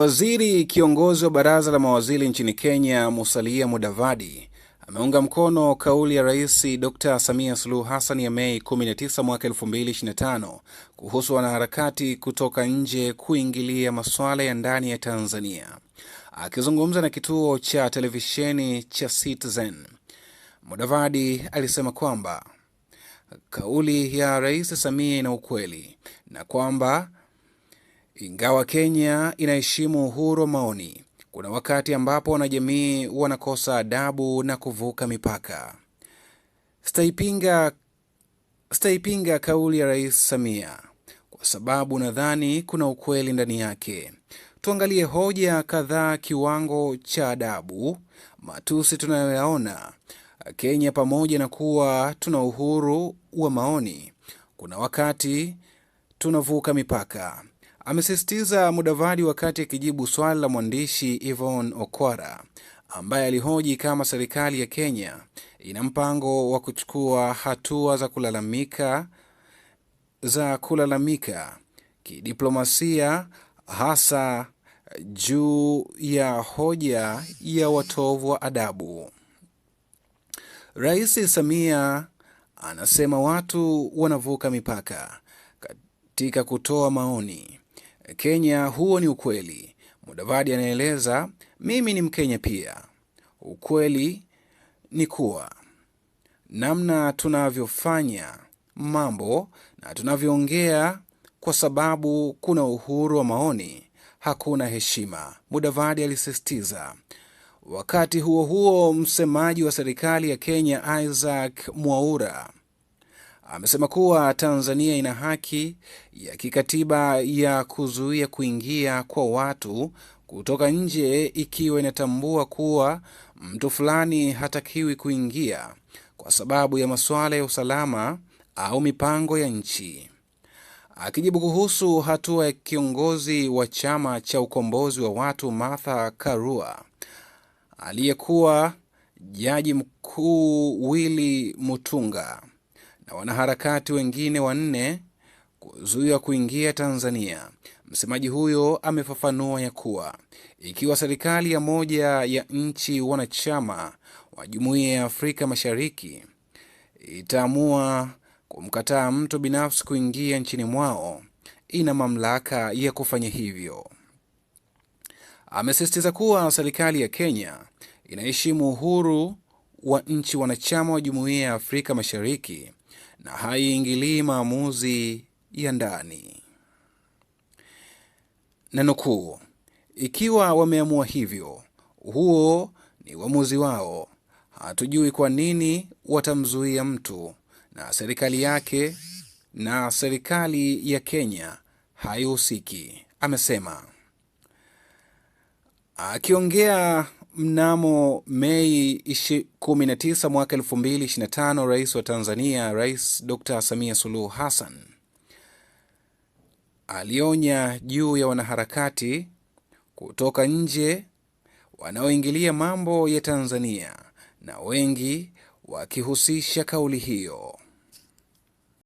Waziri kiongozi wa baraza la mawaziri nchini Kenya, Musalia Mudavadi, ameunga mkono kauli ya Rais Dr Samia Suluhu Hassan ya Mei 19 mwaka 2025 kuhusu wanaharakati kutoka nje kuingilia masuala ya ndani ya Tanzania. Akizungumza na kituo cha televisheni cha Citizen, Mudavadi alisema kwamba kauli ya Rais Samia ina ukweli na kwamba ingawa Kenya inaheshimu uhuru wa maoni, kuna wakati ambapo wanajamii wanakosa adabu na kuvuka mipaka. Sitaipinga, sitaipinga kauli ya Rais Samia kwa sababu nadhani kuna ukweli ndani yake. Tuangalie hoja kadhaa. Kiwango cha adabu, matusi tunayoyaona Kenya, pamoja na kuwa tuna uhuru wa maoni, kuna wakati tunavuka mipaka. Amesisitiza Mudavadi wakati akijibu swali la mwandishi Yvonne Okwara ambaye alihoji kama serikali ya Kenya ina mpango wa kuchukua hatua za kulalamika za kulalamika kidiplomasia hasa juu ya hoja ya watovu wa adabu. Rais Samia anasema watu wanavuka mipaka katika kutoa maoni. Kenya, huo ni ukweli. Mudavadi anaeleza, mimi ni Mkenya pia. Ukweli ni kuwa namna tunavyofanya mambo na tunavyoongea, kwa sababu kuna uhuru wa maoni, hakuna heshima, Mudavadi alisisitiza. Wakati huo huo, msemaji wa serikali ya Kenya Isaac Mwaura amesema kuwa Tanzania ina haki ya kikatiba ya kuzuia kuingia kwa watu kutoka nje ikiwa inatambua kuwa mtu fulani hatakiwi kuingia kwa sababu ya masuala ya usalama au mipango ya nchi. Akijibu kuhusu hatua ya kiongozi wa chama cha ukombozi wa watu Martha Karua aliyekuwa jaji mkuu Willy Mutunga na wanaharakati wengine wanne kuzuiwa kuingia Tanzania. Msemaji huyo amefafanua ya kuwa ikiwa serikali ya moja ya nchi wanachama wa Jumuiya ya Afrika Mashariki itaamua kumkataa mtu binafsi kuingia nchini mwao, ina mamlaka ya kufanya hivyo. Amesisitiza kuwa serikali ya Kenya inaheshimu uhuru wa nchi wanachama wa Jumuiya ya Afrika Mashariki na haiingilii maamuzi ya ndani. Nanukuu, ikiwa wameamua hivyo, huo ni uamuzi wao. Hatujui kwa nini watamzuia mtu na serikali yake, na serikali ya Kenya haihusiki, amesema akiongea Mnamo Mei 19 mwaka 2025, rais wa Tanzania, Rais Dr. Samia Suluhu Hassan alionya juu ya wanaharakati kutoka nje wanaoingilia mambo ya Tanzania na wengi wakihusisha kauli hiyo